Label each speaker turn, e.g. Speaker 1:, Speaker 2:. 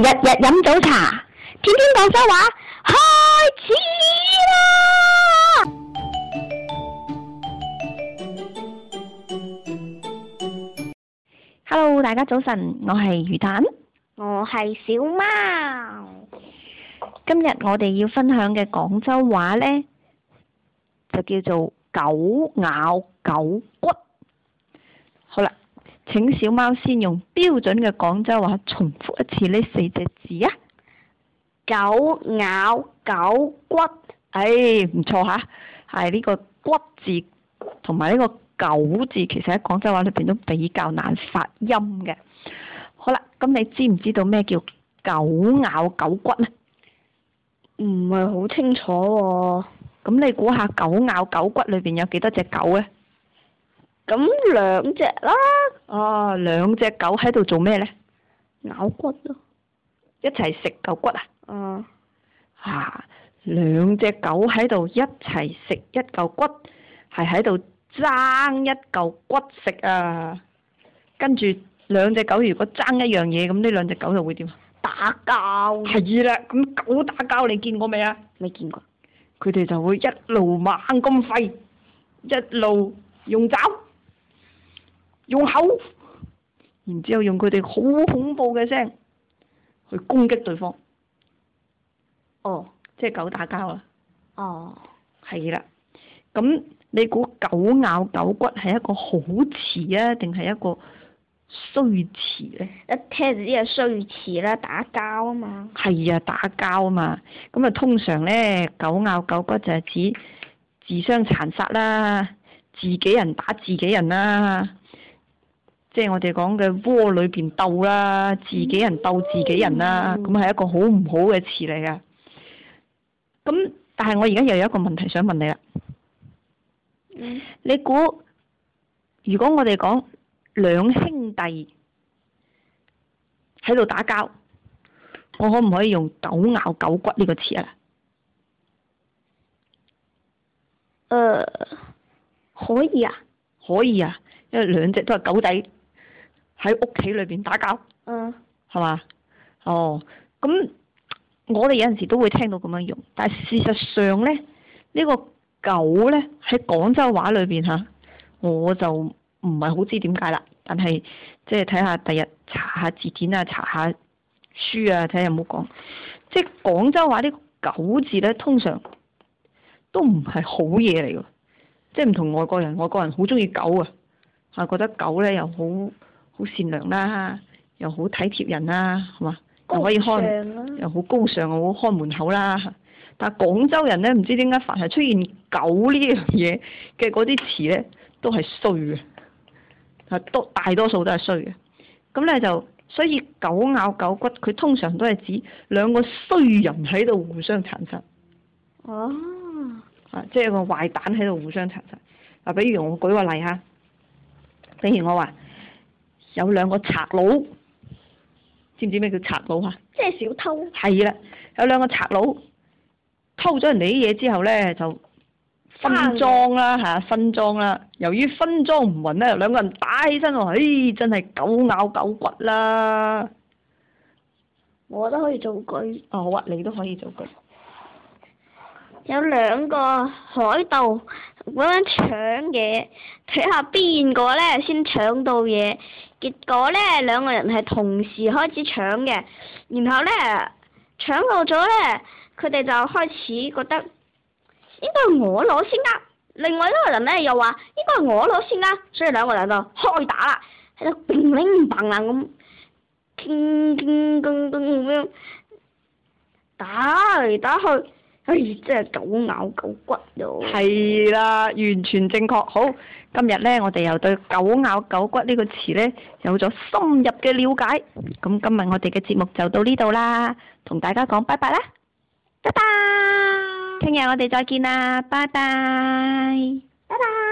Speaker 1: 日日飲早茶，天天廣州話，開始啦！Hello，大家早晨，我係魚蛋，我係小貓。今日我哋要分享嘅廣州話呢，就叫做狗咬狗骨。好啦。請小貓先用標準嘅廣州話重複一次呢四隻字啊！狗咬狗骨，唉，唔錯吓，係呢個骨字同埋呢個狗字，其實喺廣州話裏邊都比較難發音嘅。好啦，咁你知唔知道咩叫狗咬狗骨呢？唔係好清楚喎。咁你估下狗咬狗骨裏邊有幾多隻狗咧？咁兩隻啦。哦，兩隻狗喺度做咩呢？咬骨咯。一齊食嚿骨啊！啊！嚇！兩隻狗喺度一齊食一嚿骨，係喺度爭一嚿骨食啊！跟住兩隻狗如果爭一樣嘢，咁呢兩隻狗就會點？打交。係啦，咁狗打交你見過未啊？未見過。佢哋就會一路猛咁吠，一路用爪。用口，然之後用佢哋好恐怖嘅聲去攻擊對方。哦，即係狗打交啊！哦，係啦。咁你估狗咬狗骨係一個好詞啊，定係一個衰詞咧？一聽就知係衰詞啦！打交啊嘛。係啊，打交啊嘛。咁啊，通常咧，狗咬狗骨就係指自，自相殘殺啦，自己人打自己人啦。即係我哋講嘅窩裏邊鬥啦，自己人鬥自己人啦，咁係、嗯、一個好唔好嘅詞嚟啊！咁但係我而家又有一個問題想問你啦。嗯、你估如果我哋講兩兄弟喺度打交，我可唔可以用狗咬狗骨呢，這個詞啊？誒、呃，可以啊。可以啊，因為兩隻都係狗仔。喺屋企裏邊打交，嗯，係嘛？哦，咁我哋有陣時都會聽到咁樣用，但係事實上咧，呢個狗咧喺廣州話裏邊嚇，我就唔係好知點解啦。但係即係睇下第日查下字典啊，查下書啊，睇下有冇講。即係廣州話啲「狗」字咧，通常都唔係好嘢嚟㗎，即係唔同外國人，外國人好中意狗啊，係覺得狗咧又好。好善良啦，又好體貼人啦，係嘛？
Speaker 2: 啊、又可以看，
Speaker 1: 啊、又好高尚，好看門口啦。但係廣州人咧，唔知點解凡係出現狗呢樣嘢嘅嗰啲詞咧，都係衰嘅。係多大多數都係衰嘅。咁咧就，所以狗咬狗骨，佢通常都係指兩個衰人喺度互相殘殺。哦、啊啊。即係個壞蛋喺度互相殘殺。啊，比如我舉個例吓，比如我話。有兩個賊佬，知唔知咩叫賊佬啊？即係小偷。係啦，有兩個賊佬，偷咗人哋啲嘢之後咧，就分贓啦，吓了分贓啦。由於分贓唔勻咧，兩個人打起身喎，唉、哎，真係狗咬狗骨啦！我都可以做句。哦，好啊，你都可以做句。有兩個海盜咁樣搶嘢，睇下邊個咧先搶到嘢。結果呢，兩個人係同時開始搶嘅，然後呢，搶到咗呢，佢哋就開始覺得應該我攞先啦，另外一個人呢，又話應該我攞先啦，所以兩個人就開打啦，喺度乒呤乓啷咁，乒乒乒乒咁樣打嚟打去。哎，真係狗咬狗骨喎，啊。係啦，完全正確。好，今日呢，我哋又對狗咬狗骨呢個詞呢，有咗深入嘅了解。咁今日我哋嘅節目就到呢度啦，同大家講拜拜啦，拜拜。聽日我哋再見啦，拜拜。拜拜。